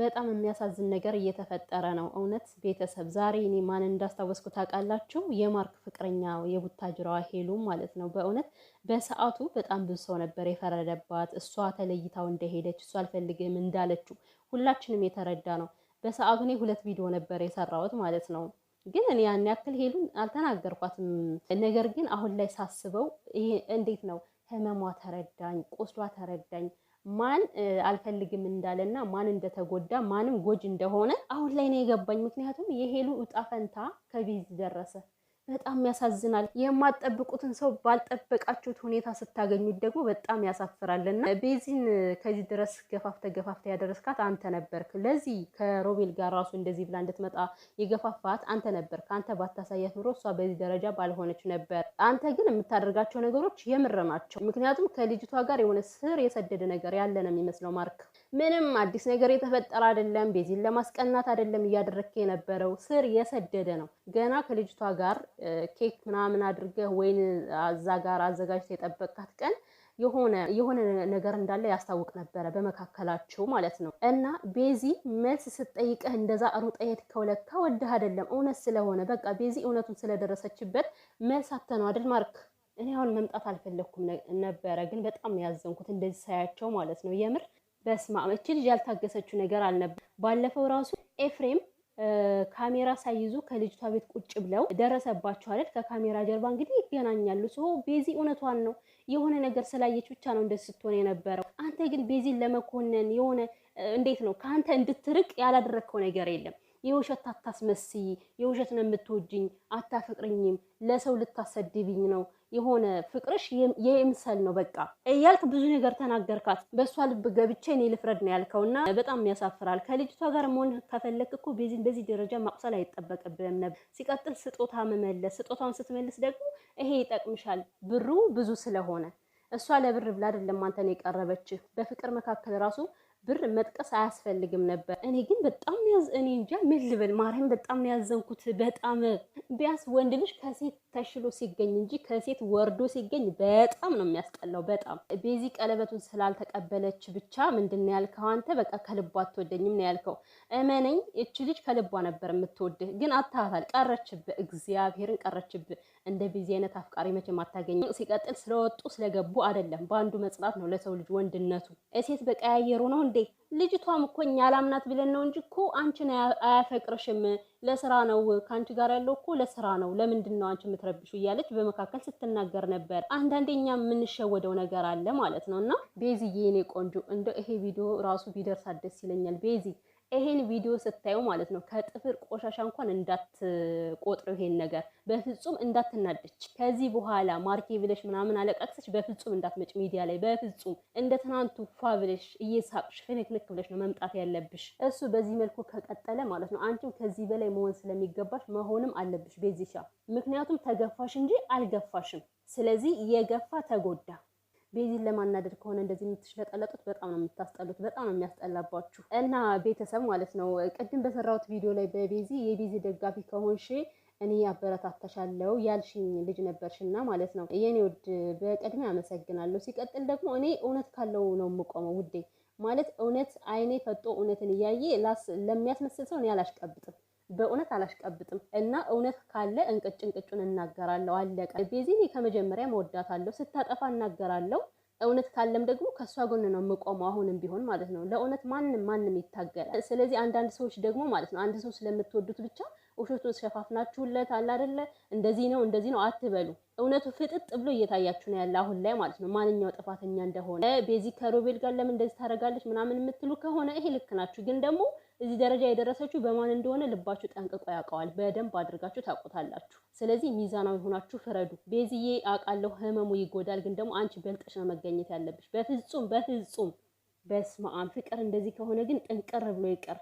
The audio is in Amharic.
በጣም የሚያሳዝን ነገር እየተፈጠረ ነው። እውነት ቤተሰብ ዛሬ እኔ ማን እንዳስታወስኩ ታውቃላችሁ? የማርክ ፍቅረኛ የቡታጅራዋ ሄሉ ማለት ነው። በእውነት በሰዓቱ በጣም ብዙ ሰው ነበር የፈረደባት። እሷ ተለይታው እንደሄደች እሷ አልፈልግም እንዳለችው ሁላችንም የተረዳ ነው። በሰዓቱ እኔ ሁለት ቪዲዮ ነበር የሰራሁት ማለት ነው። ግን እኔ ያን ያክል ሄሉን አልተናገርኳትም። ነገር ግን አሁን ላይ ሳስበው ይሄ እንዴት ነው ህመሟ ተረዳኝ፣ ቁስሏ ተረዳኝ ማን አልፈልግም እንዳለና ማን እንደተጎዳ ማንም ጎጅ እንደሆነ አሁን ላይ ነው የገባኝ። ምክንያቱም የሄሉ እጣ ፈንታ ከቢዝ ደረሰ። በጣም ያሳዝናል። የማጠብቁትን ሰው ባልጠበቃችሁት ሁኔታ ስታገኙት ደግሞ በጣም ያሳፍራል። እና ቤዚን ከዚህ ድረስ ገፋፍተ ገፋፍተ ያደረስካት አንተ ነበርክ። ለዚህ ከሮቤል ጋር ራሱ እንደዚህ ብላ እንድትመጣ የገፋፋት አንተ ነበርክ። አንተ ባታሳያት ኑሮ እሷ በዚህ ደረጃ ባልሆነች ነበር። አንተ ግን የምታደርጋቸው ነገሮች የምር ናቸው። ምክንያቱም ከልጅቷ ጋር የሆነ ስር የሰደደ ነገር ያለ ነው የሚመስለው ማርክ ምንም አዲስ ነገር የተፈጠረ አይደለም። ቤዚን ለማስቀናት አይደለም እያደረግክ የነበረው ስር የሰደደ ነው። ገና ከልጅቷ ጋር ኬክ ምናምን አድርገህ ወይን እዛ ጋር አዘጋጅተህ የጠበቃት ቀን የሆነ የሆነ ነገር እንዳለ ያስታውቅ ነበረ በመካከላቸው ማለት ነው። እና ቤዚ መልስ ስትጠይቅህ እንደዛ ሩጠ የሄድከው ለካ ወደህ አይደለም እውነት ስለሆነ በቃ ቤዚ እውነቱን ስለደረሰችበት መልስ አተነው አይደል ማርክ? እኔ አሁን መምጣት አልፈለግኩም ነበረ፣ ግን በጣም ያዘንኩት እንደዚህ ሳያቸው ማለት ነው የምር በስማ እቺ ልጅ ያልታገሰችው ነገር አልነበር። ባለፈው ራሱ ኤፍሬም ካሜራ ሳይዙ ከልጅቷ ቤት ቁጭ ብለው ደረሰባቸው አይደል? ከካሜራ ጀርባ እንግዲህ ይገናኛሉ። ሰው ቤዚ እውነቷን ነው፣ የሆነ ነገር ስላየች ብቻ ነው እንደ ስትሆን የነበረው። አንተ ግን ቤዚን ለመኮነን የሆነ እንዴት ነው ከአንተ እንድትርቅ ያላደረግከው ነገር የለም። የውሸት አታስመስይ፣ የውሸት ነው የምትወጅኝ፣ አታፍቅርኝም፣ ለሰው ልታሰድብኝ ነው የሆነ ፍቅርሽ የምሰል ነው በቃ እያልክ ብዙ ነገር ተናገርካት። በእሷ ልብ ገብቼ እኔ ልፍረድ ነው ያልከውና በጣም ያሳፍራል። ከልጅቷ ጋር መሆን ከፈለክ እኮ በዚህ ደረጃ ማቁሰል አይጠበቅብህም ነበር። ሲቀጥል ስጦታ መመለስ፣ ስጦታውን ስትመልስ ደግሞ ይሄ ይጠቅምሻል፣ ብሩ ብዙ ስለሆነ እሷ ለብር ብላ አይደለም አንተን የቀረበችህ በፍቅር መካከል ራሱ ብር መጥቀስ አያስፈልግም ነበር። እኔ ግን በጣም ያዝ እኔ እንጃ ምን ልበል ማርያም፣ በጣም ያዘንኩት። በጣም ቢያንስ ወንድ ልጅ ከሴት ተሽሎ ሲገኝ እንጂ ከሴት ወርዶ ሲገኝ በጣም ነው የሚያስጠላው። በጣም ቤዚ ቀለበቱን ስላልተቀበለች ብቻ ምንድን ነው ያልከው አንተ? በቃ ከልቧ አትወደኝም ነው ያልከው። እመነኝ እች ልጅ ከልቧ ነበር የምትወድህ፣ ግን አታታል፣ ቀረችብህ። እግዚአብሔርን ቀረችብህ። እንደ ቤዚ አይነት አፍቃሪ መቼም አታገኝም። ሲቀጥል ስለወጡ ስለገቡ አይደለም፣ በአንዱ መጽናት ነው ለሰው ልጅ ወንድነቱ። ሴት በቀያየሩ ነው እንዴ? ልጅቷም እኮ እኛ አላምናት ብለን ነው እንጂ እኮ አንቺን አያፈቅርሽም ለስራ ነው ከአንቺ ጋር ያለው እኮ ለስራ ነው፣ ለምንድን ነው አንቺ የምትረብሹ? እያለች በመካከል ስትናገር ነበር። አንዳንዴ እኛ የምንሸወደው ነገር አለ ማለት ነው። እና ቤዚዬ፣ የኔ ቆንጆ እንደ ይሄ ቪዲዮ ራሱ ቢደርሳት ደስ ይለኛል ቤዚ ይሄን ቪዲዮ ስታዩ ማለት ነው ከጥፍር ቆሻሻ እንኳን እንዳትቆጥረው። ይሄን ነገር በፍጹም እንዳትናደች። ከዚህ በኋላ ማርኬ ብለሽ ምናምን አለቃቅሰሽ በፍጹም እንዳትመጭ ሚዲያ ላይ በፍጹም። እንደ ትናንቱ ፏ ብለሽ እየሳቅሽ ፍንክንክ ብለሽ ነው መምጣት ያለብሽ። እሱ በዚህ መልኩ ከቀጠለ ማለት ነው አንቺም ከዚህ በላይ መሆን ስለሚገባሽ መሆንም አለብሽ ቤዚሻ። ምክንያቱም ተገፋሽ እንጂ አልገፋሽም። ስለዚህ የገፋ ተጎዳ። ቤዚን ለማናደድ ከሆነ እንደዚህ የምትሽለጠለጡት በጣም ነው የምታስጠሉት። በጣም ነው የሚያስጠላባችሁ እና ቤተሰብ ማለት ነው። ቅድም በሰራሁት ቪዲዮ ላይ በቤዚ የቤዚ ደጋፊ ከሆንሽ እኔ አበረታታሻለሁ ያልሽኝ ልጅ ነበርሽና ማለት ነው የኔ ውድ በቅድሜ አመሰግናለሁ። ሲቀጥል ደግሞ እኔ እውነት ካለው ነው የምቆመው ውዴ ማለት እውነት አይኔ ፈጦ እውነትን እያየ ለሚያስመስል ሰው እኔ አላሽቀብጥም። በእውነት አላሽቀብጥም እና እውነት ካለ እንቅጭ እንቅጩን እናገራለሁ። አለቀ። ቤዚን ከመጀመሪያ መወዳታለሁ። ስታጠፋ እናገራለሁ። እውነት ካለም ደግሞ ከእሷ ጎን ነው የምቆመው፣ አሁንም ቢሆን ማለት ነው። ለእውነት ማንም ማንም ይታገላል። ስለዚህ አንዳንድ ሰዎች ደግሞ ማለት ነው አንድ ሰው ስለምትወዱት ብቻ ውሸቱን ሸፋፍናችሁለት አለ አይደለ? እንደዚህ ነው እንደዚህ ነው አትበሉ። እውነቱ ፍጥጥ ብሎ እየታያችሁ ነው ያለ አሁን ላይ ማለት ነው። ማንኛው ጥፋተኛ እንደሆነ ቤዚ ከሮቤል ጋር ለምን እንደዚህ ታደርጋለች ምናምን የምትሉ ከሆነ ይሄ ልክ ናችሁ። ግን ደግሞ እዚህ ደረጃ የደረሰችው በማን እንደሆነ ልባችሁ ጠንቅቆ ያውቀዋል። በደንብ አድርጋችሁ ታውቁታላችሁ። ስለዚህ ሚዛናዊ ሆናችሁ ፍረዱ። ቤዚዬ አውቃለሁ ህመሙ ይጎዳል፣ ግን ደግሞ አንቺ በልጠሽ ነው መገኘት ያለብሽ። በፍጹም በፍጹም በስመ አብ ፍቅር እንደዚህ ከሆነ ግን ጥንቅር ብሎ ይቅር።